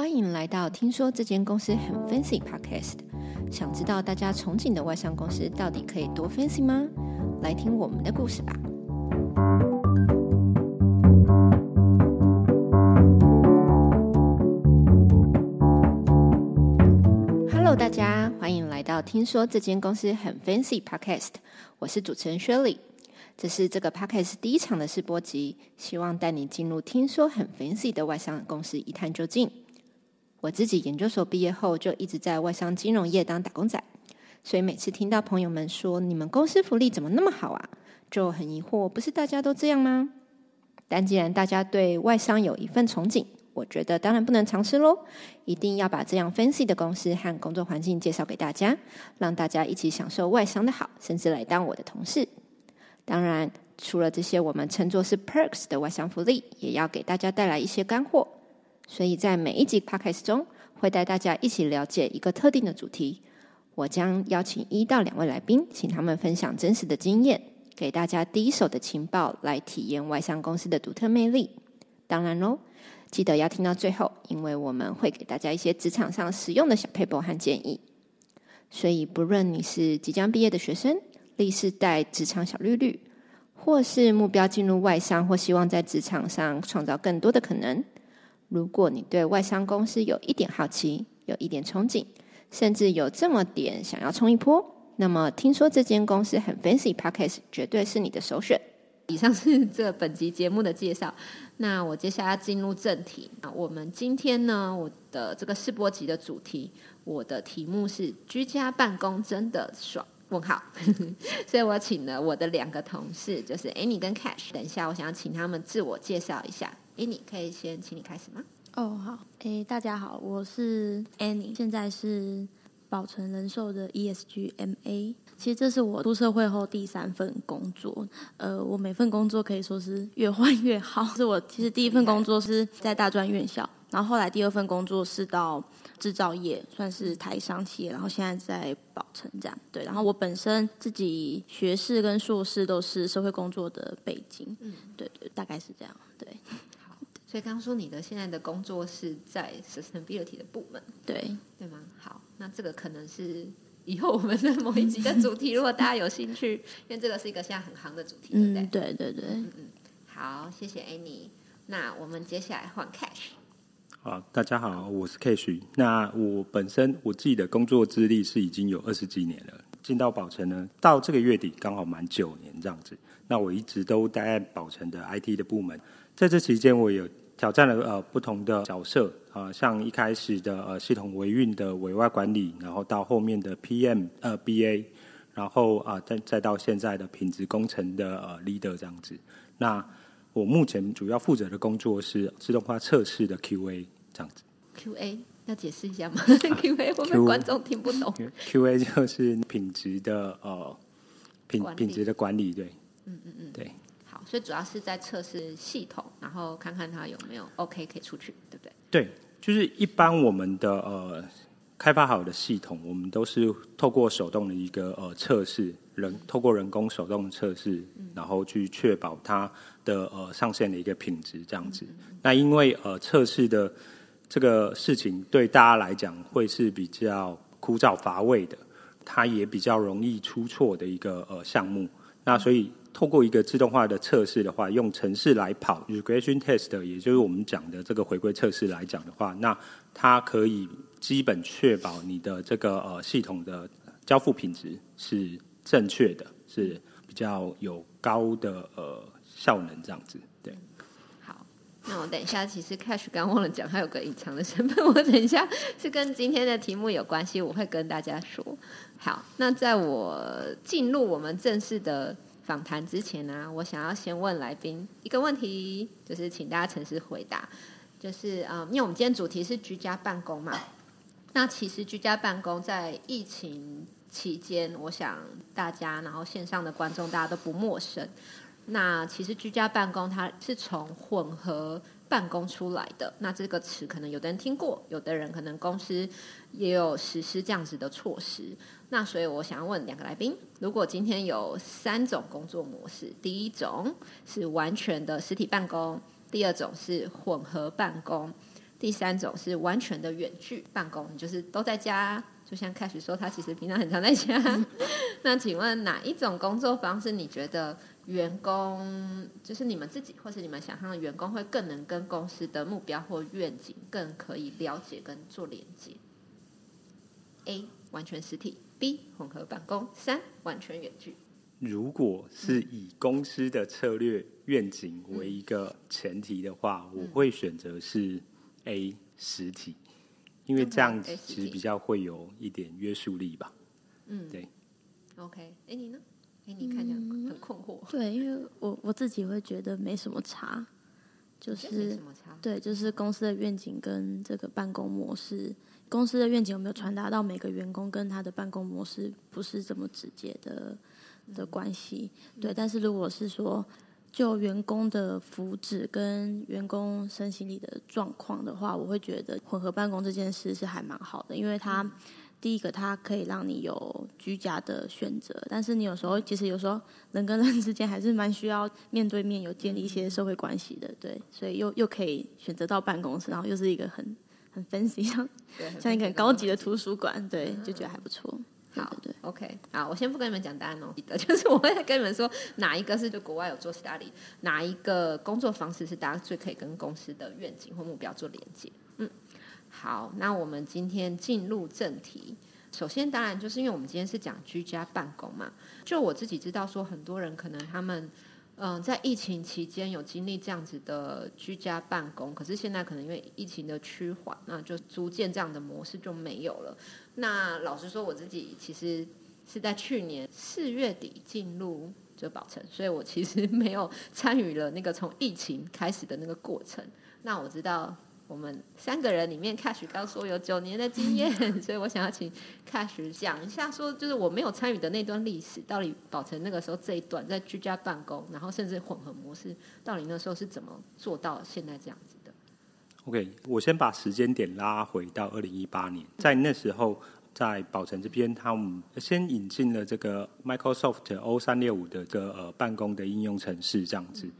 歡迎來到《聽說這間公司很 fancy》Podcast。想知道大家憧憬的外商公司到底可以多 fancy 嗎？來聽我們的故事吧！Hello，大家歡迎來到《聽說這間公司很 fancy》Podcast。我是主持人 Shirley，這是這個 Podcast 第一場的試播集，希望帶你進入聽說很 fancy 的外商公司一探究竟。我自己研究所畢業後就一直在外商金融業當打工仔，所以每次聽到朋友們說你們公司福利怎麼那麼好啊，就很疑惑，不是大家都這樣嗎？但既然大家對外商有一份憧憬，我覺得當然不能藏私嘍，一定要把這樣 fancy 的公司和工作環境介紹給大家，讓大家一起享受外商的好，甚至來當我的同事。當然，除了這些我們稱作是 perks 的外商福利，也要給大家帶來一些乾貨。所以在每一集 Podcast 中，會帶大家一起了解一個特定的主題。我將邀請一到兩位來賓，請他們分享真實的經驗，給大家第一手的情報，來體驗外商公司的獨特魅力。當然咯，記得要聽到最後，因為我們會給大家一些職場上實用的小撇步和建議。所以，不論你是即將畢業的學生、Z 世代職場小綠綠，或是目標進入外商或希望在職場上創造更多的可能。如果你對外商公司有一點好奇，有一點憧憬，甚至有這麼點想要衝一波，那麼聽說這間公司很 fancy podcast 絕對是你的首選。以上是這本集節目的介紹。那我接下來進入正題啊，我們今天呢，我的這個試播集的主題，我的題目是“居家辦公真的爽？”問號呵呵。所以我請了我的兩個同事，就是 Annie 跟 Cash。等一下，我想要請他們自我介紹一下。Annie，可以先請你開始嗎？哦、oh,，好。哎、欸，大家好，我是 Annie，現在是保誠人壽的 ESG MA。其實這是我出社會後第三份工作。呃，我每份工作可以說是越換越好。就是我其實第一份工作是在大專院校，然後後來第二份工作是到製造業，算是台商企業，然後現在在保誠這樣。對，然後我本身自己學士跟碩士都是社會工作的背景。嗯，對對，大概是這樣。對。所以剛，剛說你的現在的工作是在 sustainability 的部門，對，對嗎？好，那這個可能是以後我們的某一集的主題。 如果大家有興趣，因為這個是一個現在很夯的主題，對不對？嗯、對對對，嗯、嗯，好，謝謝 Annie。那我們接下來換 Cash。好，大家好，我是 Cash。那我本身我自己的工作資歷是已經有二十幾年了，進到保誠呢，到這個月底剛好滿九年這樣子。那我一直都待在保誠的 IT 的部門，在這期間我有。挑戰了呃不同的角色啊、呃，像一開始的呃系統維運的委外管理，然後到後面的 PM 呃 BA，然後啊再、呃、再到現在的品質工程的呃 leader 這樣子。那我目前主要負責的工作是自動化測試的 QA 這樣子。QA 要解釋一下嗎 ？QA 我們觀眾聽不懂。QA, QA 就是品質的呃品品質的管理對。嗯嗯嗯。對。所以主要是在測試系統，然後看看它有沒有 OK 可以出去，對不對？對，就是一般我們的呃開發好的系統，我們都是透過手動的一個呃測試，人透過人工手動測試，嗯，然後去確保它的呃上線的一個品質這樣子。嗯嗯嗯，那因為呃測試的這個事情對大家來講會是比較枯燥乏味的，它也比較容易出錯的一個呃項目，那所以。嗯透過一個自動化的測試的話，用程式來跑 regression test，也就是我們講的這個回歸測試來講的話，那它可以基本確保你的這個呃系統的交付品質是正確的，是比較有高的呃效能這樣子。對，好，那我等一下，其實 Cash 剛忘了講，還有個隱藏的身份，我等一下是跟今天的題目有關係，我會跟大家說。好，那在我進入我們正式的。訪談之前呢、啊，我想要先問來賓一個問題，就是請大家誠實回答，就是啊、嗯，因為我們今天主題是居家辦公嘛，那其實居家辦公在疫情期間，我想大家然後線上的觀眾大家都不陌生。那其實居家辦公它是從混合辦公出來的，那這個詞可能有的人聽過，有的人可能公司也有實施這樣子的措施。那所以，我想要問兩個來賓：如果今天有三種工作模式，第一種是完全的實體辦公，第二種是混合辦公，第三種是完全的遠距辦公，你就是都在家。就像開始說，他其實平常很常在家。嗯、 那請問哪一種工作方式，你覺得員工就是你們自己，或是你們想象的員工，會更能跟公司的目標或願景，更可以了解跟做連接？A 完全實體。B 混合辦公，三完全遠距。如果是以公司的策略願景為一個前提的話，嗯，我會選擇是 A 實體，因為這樣子其實比較會有一點約束力吧。嗯，對。OK，哎你呢？哎你看起來很困惑。對，因為我我自己會覺得沒什麼差，就是沒什麼差。對，就是公司的願景跟這個辦公模式。公司的願景有沒有傳達到每個員工？跟他的辦公模式不是這麼直接的、嗯、的關係。對，但是如果是說就員工的福祉跟員工身心理的狀況的話，我會覺得混合辦公這件事是還蠻好的，因為它、嗯、第一個它可以讓你有居家的選擇，但是你有時候其實有時候人跟人之間還是蠻需要面對面有建立一些社會關係的，對，所以又又可以選擇到辦公室，然後又是一個很。分析一下，像一個很高級的圖書館，嗯、對，就覺得還不錯。嗯、對不對？好，對，OK，好，我先不跟你們講答案哦，記得就是我會跟你們說哪一個是對國外有做 study，哪一個工作方式是大家最可以跟公司的願景或目標做連接。嗯，好，那我們今天進入正題。首先，當然就是因為我們今天是講居家辦公嘛，就我自己知道說，很多人可能他們。嗯，在疫情期間有經歷這樣子的居家辦公，可是現在可能因為疫情的趨緩，那就逐漸這樣的模式就沒有了。那老實說，我自己其實是在去年四月底進入這寶城，所以我其實沒有參與了那個從疫情開始的那個過程。那我知道。我們三個人裡面，Cash 剛說有九年的經驗，所以我想要請 Cash 講一下說，說就是我沒有參與的那段歷史，到底保誠那個時候這一段在居家辦公，然後甚至混合模式，到底那時候是怎麼做到現在這樣子的？OK，我先把時間點拉回到二零一八年，在那時候，在保誠這邊，他們先引進了這個 Microsoft O 三六五的這個呃辦公的應用程式，這樣子。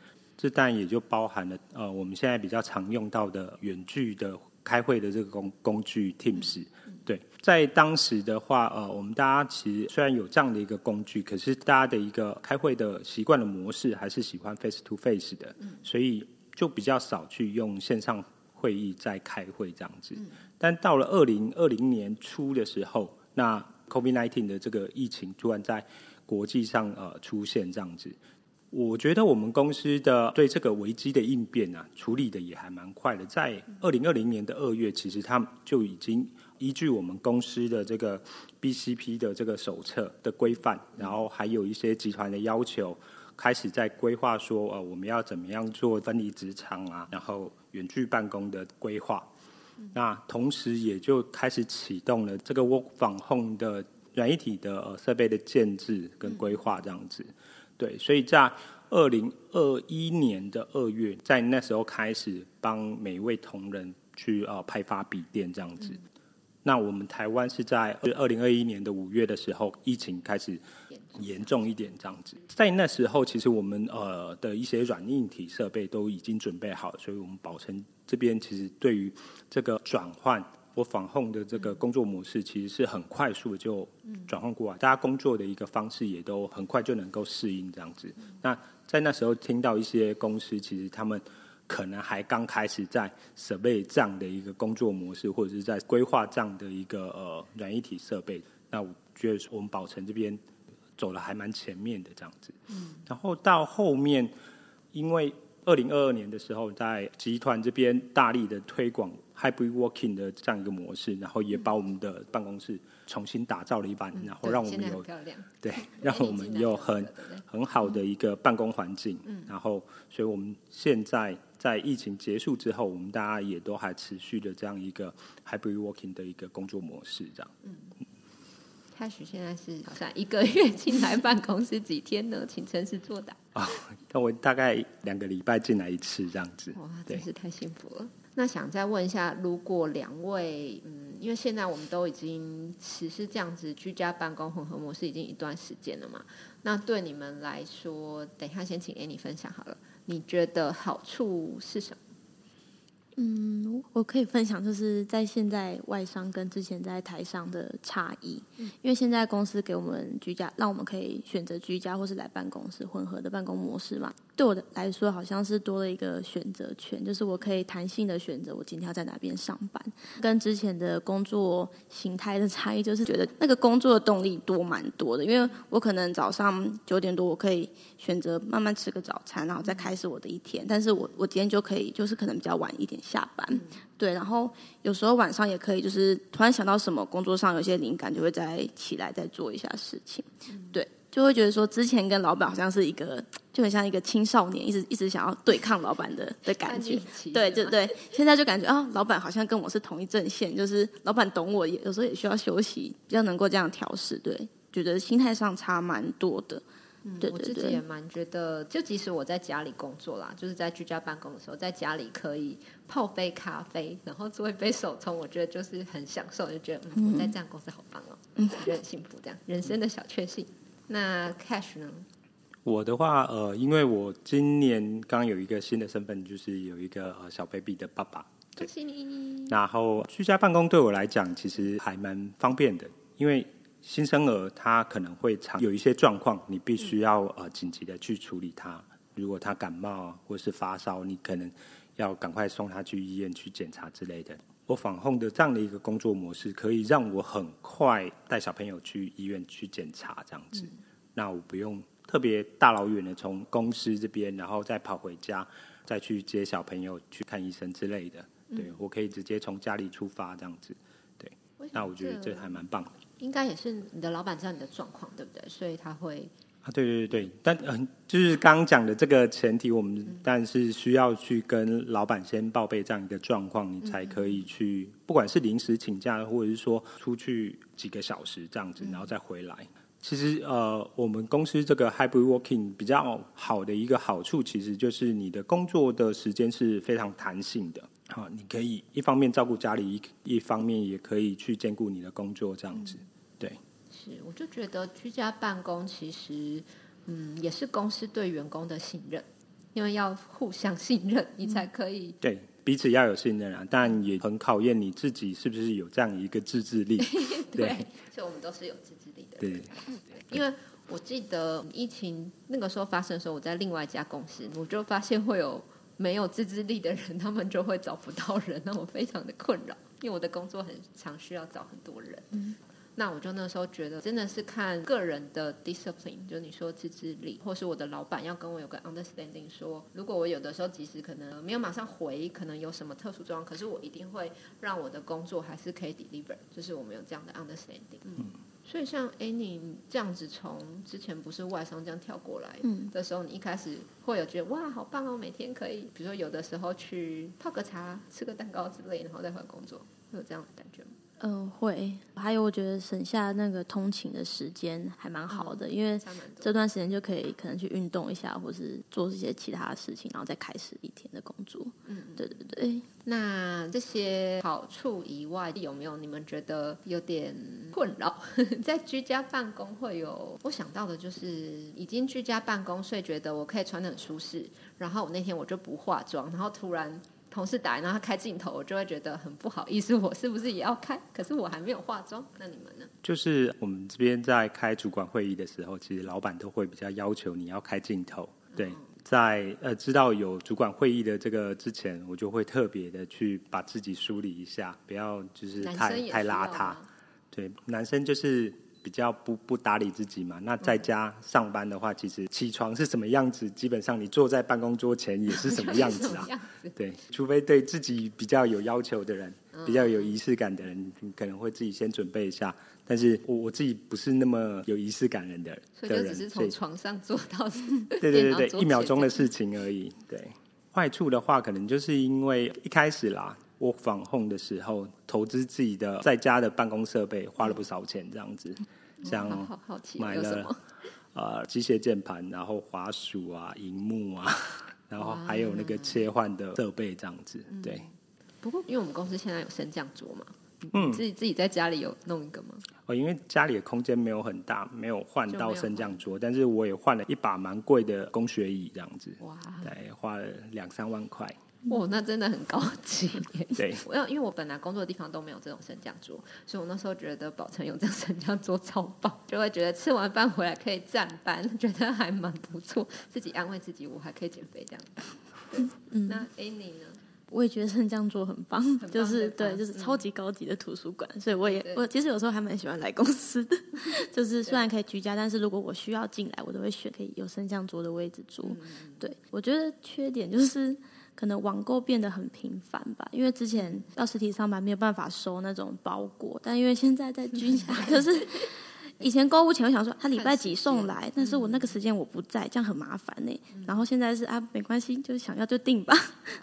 這但也就包含了呃我們現在比較常用到的遠距的開會的這個工工具 Teams，對，在當時的話呃我們大家其實雖然有這樣的一個工具，可是大家的一個開會的習慣的模式還是喜歡 face to face 的，所以就比較少去用線上會議在開會這樣子。但到了二零二零年初的時候，那 COVID-19 的這個疫情突然在國際上呃出現這樣子。我覺得我們公司的對這個危機的應變啊，處理的也還蠻快的。在二零二零年的二月，其實他們就已經依據我們公司的這個 BCP 的這個手冊的規範，然後還有一些集團的要求，開始在規劃說：呃，我們要怎麼樣做分離職場啊，然後遠距辦公的規劃。那同時也就開始啟動了這個 work from home 的軟硬體的設備的建置跟規劃這樣子。對，所以在二零二一年的二月，在那時候開始幫每一位同仁去呃派發筆電這樣子，嗯。那我們臺灣是在二零二一年的五月的時候，疫情開始嚴重一點這樣子，嗯。在那時候，其實我們呃的一些軟硬體設備都已經準備好，所以我們保存這邊其實對於這個轉換。我防控的這個工作模式，其實是很快速就轉換過來，大家工作的一個方式也都很快就能夠適應這樣子。那在那時候聽到一些公司，其實他們可能還剛開始在設備這樣的一個工作模式，或者是在規劃這樣的一個呃軟一體設備。那我覺得我們保誠這邊走的還蠻前面的這樣子。嗯，然後到後面因為。二零二二年的時候，在集團這邊大力的推廣 hybrid working 的這樣一個模式，然後也把我們的辦公室重新打造了一番，然後讓我們有對，讓我們有很很好的一個辦公環境。然後，所以我們現在在疫情結束之後，我們大家也都還持續的這樣一個 hybrid working 的一個工作模式這樣。嗯，開始現在是好像一個月進來辦公室幾天呢？請誠實作答。啊、哦，那我大概兩個禮拜進來一次這樣子。哇、哦，真是太幸福了！那想再問一下，如果兩位嗯，因為現在我們都已經實施這樣子居家辦公混合模式已經一段時間了嘛，那對你們來說，等一下先請 Annie 分享好了，你覺得好處是什麼？嗯，我可以分享，就是在現在外商跟之前在台商的差異。嗯，因為現在公司給我們居家，讓我們可以選擇居家或是來辦公室混合的辦公模式嘛。對我來說，好像是多了一個選擇權，就是我可以彈性的選擇我今天要在哪邊上班。跟之前的工作形態的差異，就是覺得那個工作的動力多蠻多的，因為我可能早上九點多，我可以選擇慢慢吃個早餐，然後再開始我的一天。但是我我今天就可以，就是可能比較晚一點下班。嗯，對。然後有時候晚上也可以，就是突然想到什麼工作上有些靈感，就會再起來再做一下事情。嗯，對。就會覺得說，之前跟老板好像是一個，就很像一個青少年，一直一直想要對抗老板的的感覺。對，就對。現在就感覺啊、哦，老板好像跟我是同一陣線，就是老板懂我，也有時候也需要休息，比較能夠這樣調適。對，覺得心態上差蠻多的。嗯，我自己也蠻覺得，就即使我在家裡工作啦，就是在居家辦公的時候，在家裡可以泡杯咖啡，然後做一杯手沖，我覺得就是很享受，就覺得、嗯、我在這樣公司好棒哦，嗯，我覺得很幸福，這樣人生的小確幸。那 Cash 呢？我的話，呃，因為我今年剛有一個新的身份，就是有一個呃小 baby 的爸爸。恭喜你。然後居家辦公對我來講其實還蠻方便的，因為新生兒他可能會常有一些狀況，你必須要、嗯、呃緊急的去處理他。如果他感冒或是發燒，你可能要趕快送他去醫院去檢查之類的。我防控的這樣的一個工作模式，可以讓我很快帶小朋友去醫院去檢查，這樣子、嗯。那我不用特別大老遠的從公司這邊，然後再跑回家，再去接小朋友去看醫生之類的。嗯、對，我可以直接從家裡出發，這樣子。對、嗯，那我覺得這還蠻棒的。應該也是你的老闆知道你的狀況，對不對？所以他會。啊，對對對，但嗯，呃，就是剛剛講的這個前提，我們但是需要去跟老闆先報備這樣一個狀況，你才可以去，不管是臨時請假，或者是說出去幾個小時這樣子，然後再回來。其實呃，我們公司這個 hybrid working 比較好的一個好處，其實就是你的工作的時間是非常彈性的啊，你可以一方面照顧家裡，一一方面也可以去兼顧你的工作這樣子，嗯，對。是，我就覺得居家辦公其實，嗯，也是公司對員工的信任，因為要互相信任，你才可以，嗯，對彼此要有信任啊。但也很考驗你自己是不是有這樣一個自制力。 對，對，所以我們都是有自制力的人。對，因為我記得疫情那個時候發生的時候，我在另外一家公司，我就發現會有沒有自制力的人，他們就會找不到人，那我非常的困擾，因為我的工作很常需要找很多人。嗯那我就那時候覺得，真的是看個人的 discipline，就是你說自制力，或是我的老闆要跟我有個 understanding，說如果我有的時候即使可能沒有馬上回，可能有什麼特殊狀況，可是我一定會讓我的工作還是可以 deliver，就是我們有這樣的 understanding。嗯。所以像哎、欸，你這樣子從之前不是外商這樣跳過來的、嗯、時候，你一開始會有覺得哇，好棒哦，每天可以，比如說有的時候去泡個茶、吃個蛋糕之類，然後再回來工作，會有這樣的感覺嗎？嗯、呃，會，還有我覺得省下那個通勤的時間還蠻好的，嗯、因為這段時間就可以可能去運動一下、嗯，或是做一些其他的事情，然後再開始一天的工作。嗯，對對對。那這些好處以外，有沒有你們覺得有點困擾？ 在居家辦公會有，我想到的就是，已經居家辦公，所以覺得我可以穿得很舒適，然後我那天我就不化妝，然後突然。同事打，然後他開鏡頭，我就會覺得很不好意思。我是不是也要開？可是我還沒有化妝，那你們呢？就是我們這邊在開主管會議的時候，其實老闆都會比較要求你要開鏡頭。對，在呃知道有主管會議的這個之前，我就會特別的去把自己梳理一下，不要就是太男生也太邋遢。對，男生就是。比較不不打理自己嘛，那在家上班的話，Okay. 其實起床是什麼樣子，基本上你坐在辦公桌前也是什麼樣子啊。 子對，除非對自己比較有要求的人，uh -huh. 比較有儀式感的人，可能會自己先準備一下。但是我我自己不是那麼有儀式感人的, 的人，所以就只是從床上坐到對對對對，一秒鐘的事情而已。對，壞處的話，可能就是因為一開始啦。我 WFH 的時候，投資自己的在家的辦公設備，花了不少錢，這樣子，像買了啊機、呃、械鍵盤，然後滑鼠啊，螢幕啊，然後還有那個切換的設備，這樣子。對、嗯。不過，因為我們公司現在有升降桌嘛，嗯，自己自己在家裡有弄一個嗎？哦，因為家裡的空間沒有很大，沒有換到升降桌，但是我也換了一把蠻貴的工學椅，這樣子，哇，對，花了兩三萬塊。哦，那真的很高級。對，我因為我本來工作的地方都沒有這種升降桌，所以我那時候覺得保城用這升降桌超棒，就會覺得吃完飯回來可以站班，覺得還蠻不錯，自己安慰自己我還可以減肥這樣、嗯。那 Annie 呢？我也覺得升降桌很棒，很棒就是對，就是超級高級的圖書館，嗯、所以我也對對我其實有時候還蠻喜歡來公司的，就是雖然可以居家，但是如果我需要進來，我都會選可以有升降桌的位置坐。嗯、對我覺得缺點就是。可能網購變得很頻繁吧，因為之前到實體上班沒有辦法收那種包裹，但因為現在在居家，可是以前購物前我想說他禮拜幾送來，但是我那個時間我不在、嗯，這樣很麻煩呢、欸嗯。然後現在是啊，沒關係，就是想要就訂吧、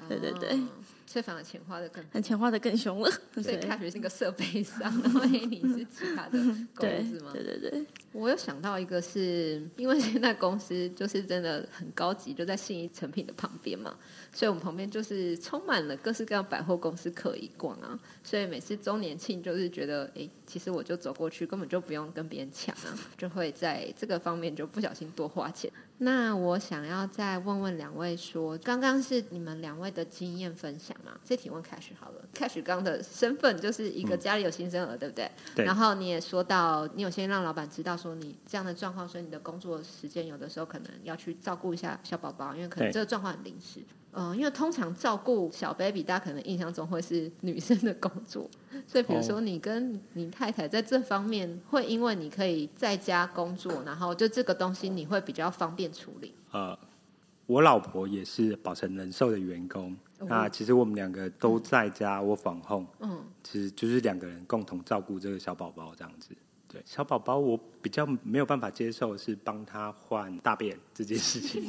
哦。對對對，卻反而錢花的更，很錢花的更凶了。對，所以 Cash 是個設備上，因為你是其他的公司嗎？對對對。對。我有想到一個是，是因為現在公司就是真的很高級，就在信義誠品的旁邊嘛，所以我們旁邊就是充滿了各式各樣百貨公司可以逛啊，所以每次周年慶就是覺得，哎，其實我就走過去，根本就不用跟別人搶啊，就會在這個方面就不小心多花錢。 那我想要再問問兩位說，說剛剛是你們兩位的經驗分享嘛？這題問 Cash 好了，Cash 剛的身份就是一個家裡有新生兒，嗯、對不對？對。然後你也說到，你有先讓老板知道說。說你這樣的狀況，所以你的工作時間有的時候可能要去照顧一下小寶寶，因為可能這個狀況很臨時。嗯、呃，因為通常照顧小 baby，大家可能印象中會是女生的工作，所以比如說你跟你太太在這方面會，因為你可以在家工作、哦，然後就這個東西你會比較方便處理。呃，我老婆也是保誠人壽的員工、嗯，那其實我們兩個都在家我防控，嗯，其實就是兩個人共同照顧這個小寶寶這樣子。對小寶寶，我比較沒有辦法接受是幫他換大便這件事情，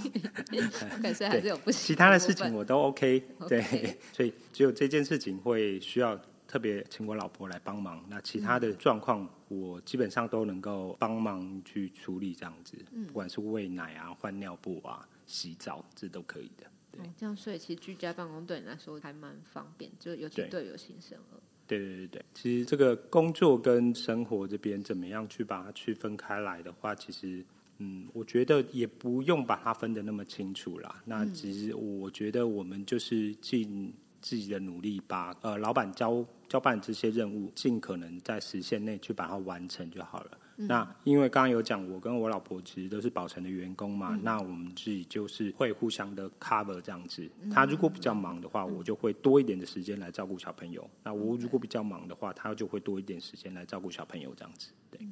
感 覺、 okay，還是有不行。其他的事情我都 okay, OK，對，所以只有這件事情會需要特別請我老婆來幫忙。那其他的狀況，我基本上都能夠幫忙去處理這樣子、嗯，不管是餵奶啊、換尿布啊、洗澡，這都可以的。對，嗯、這樣，所以其實居家辦公對你來說還蠻方便，就尤其對有新生兒。對對對，其實這個工作跟生活這邊怎麼樣去把它區分開來的話，其實嗯，我覺得也不用把它分得那麼清楚啦。那其實我覺得我們就是盡自己的努力把，把呃老闆交交辦這些任務，盡可能在時限內去把它完成就好了。那因為剛剛有講，我跟我老婆其實都是寶成的員工嘛，嗯，那我們自己就是會互相的 cover 這樣子。嗯，他如果比較忙的話，嗯，我就會多一點的時間來照顧小朋友，嗯。那我如果比較忙的話，他就會多一點時間來照顧小朋友這樣子。對。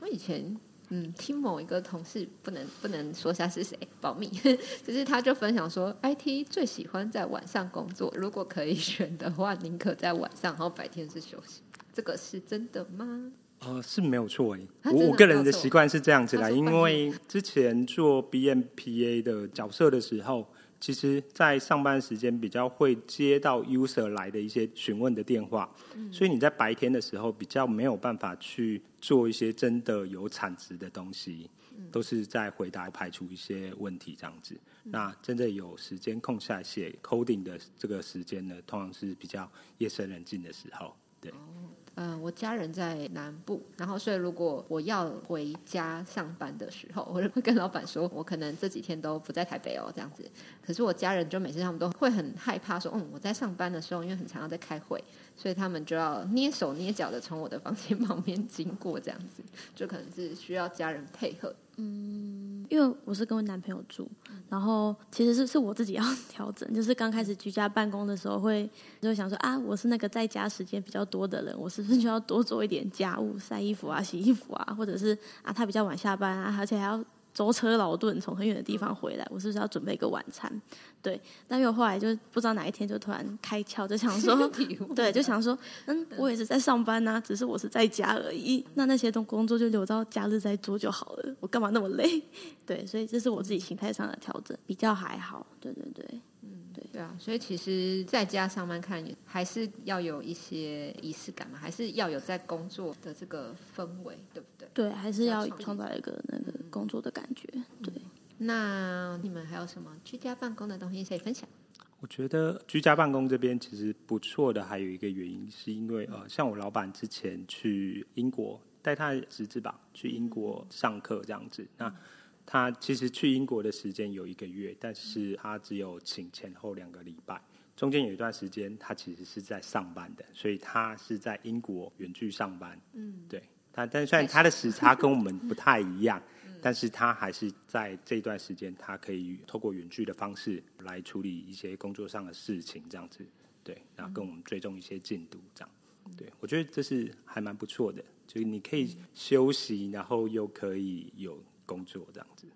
我以前嗯，聽某一個同事不，不能不能說下是誰，保密。 就是他就分享說，IT 最喜歡在晚上工作，如果可以選的話，寧可在晚上，然後白天是休息。這個是真的嗎？呃是沒有錯、欸啊、我，我個人的習慣是這樣子的、啊，因為之前做 BMPA 的角色的時候，其實在上班時間比較會接到 user 來的一些詢問的電話、嗯，所以你在白天的時候比較沒有辦法去做一些真的有產值的東西，都是在回答排除一些問題這樣子。那真的有時間空下來寫 coding 的這個時間呢，通常是比較夜深人靜的時候，對。哦嗯、呃，我家人在南部，然後所以如果我要回家上班的時候，我就會跟老闆說，我可能這幾天都不在台北哦，這樣子。可是我家人就每次他們都會很害怕，說，嗯，我在上班的時候，因為很常要在開會，所以他們就要躡手躡腳的從我的房間旁邊經過，這樣子，就可能是需要家人配合。嗯。因為我是跟我男朋友住，然後其實是是，我自己要調整。就是剛開始居家辦公的時候，會就想說啊，我是那個在家時間比較多的人，我是不是就要多做一點家務，曬衣服啊、洗衣服啊，或者是啊，他比較晚下班啊，而且還要。舟車勞頓從很遠的地方回來、嗯，我是不是要準備一個晚餐？對，但又後來就不知道哪一天就突然開竅，就想說、 呃，對，就想說，嗯，我也是在上班吶、啊嗯，只是我是在家而已。那那些東工作就留到假日再做就好了，我幹嘛那麼累？對，所以這是我自己心態上的調整、嗯，比較還好。對對對，嗯，對對啊，所以其實在家上班看，看也還是要有一些儀式感嘛，還是要有在工作的這個氛圍，對不對？對，還是要創造一個那個。嗯工作的感覺，對、嗯。那你們還有什麼居家辦公的東西可以分享？我覺得居家辦公這邊其實不錯的，還有一個原因是因為呃，像我老闆之前去英國帶他的侄子吧，去英國上課這樣子、嗯。那他其實去英國的時間有一個月，但是他只有請前後兩個禮拜，中間有一段時間他其實是在上班的，所以他是在英國遠距上班。嗯，對，但但雖然他的時差跟我們不太一樣。嗯 但是他還是在這段時間，他可以透過遠距的方式來處理一些工作上的事情，這樣子，對，然後跟我們追蹤一些進度，這樣，對，我覺得這是還蠻不錯的，就是你可以休息，然後又可以有工作，這樣子，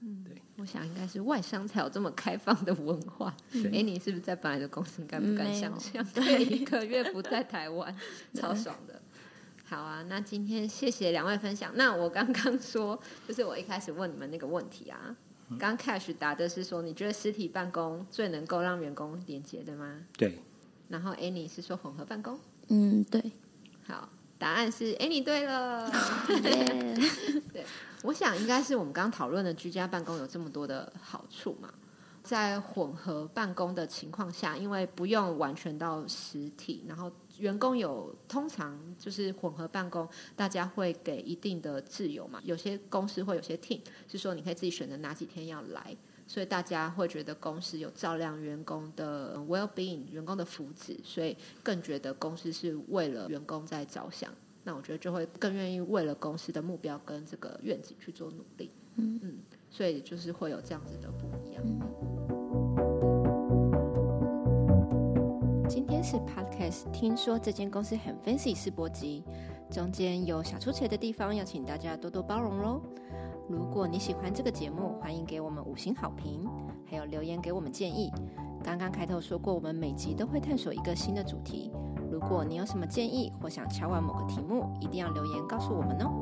嗯，對，我想應該是外商才有這麼開放的文化，哎，你是不是在本來的公司你敢不敢想象對，一個月不在台灣， 超爽的。好啊，那今天謝謝兩位分享。那我剛剛說，就是我一開始問你們那個問題啊，剛 Cash 答的是說，你覺得實體辦公最能夠讓員工連接的嗎？對。然後 Annie 是說混合辦公，嗯，對。好，答案是 Annie 對了。 對，我想應該是我們剛剛討論的居家辦公有這麼多的好處嘛。在混合辦公的情況下，因為不用完全到實體，然後員工有通常就是混合辦公，大家會給一定的自由嘛。有些公司會有些 team，是說你可以自己選擇哪幾天要來，所以大家會覺得公司有照亮員工的 well-being，員工的福祉，所以更覺得公司是為了員工在着想。那我覺得就會更願意為了公司的目標跟這個願景去做努力。嗯嗯，所以就是會有這樣子的不一樣。嗯今天是 Podcast，聽說這間公司很 fancy，試播集。中間有小出錯的地方，要請大家多多包容哦。如果你喜歡這個節目，歡迎給我們五星好評，還有留言給我們建議。剛剛開頭說過，我們每集都會探索一個新的主題。如果你有什麼建議，或想敲碗某個題目，一定要留言告訴我們哦。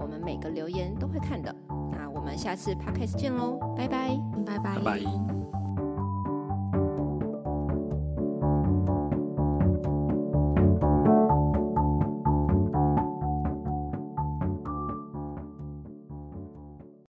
我們每個留言都會看的。那我們下次 Podcast 見嘍，拜拜，拜拜。拜拜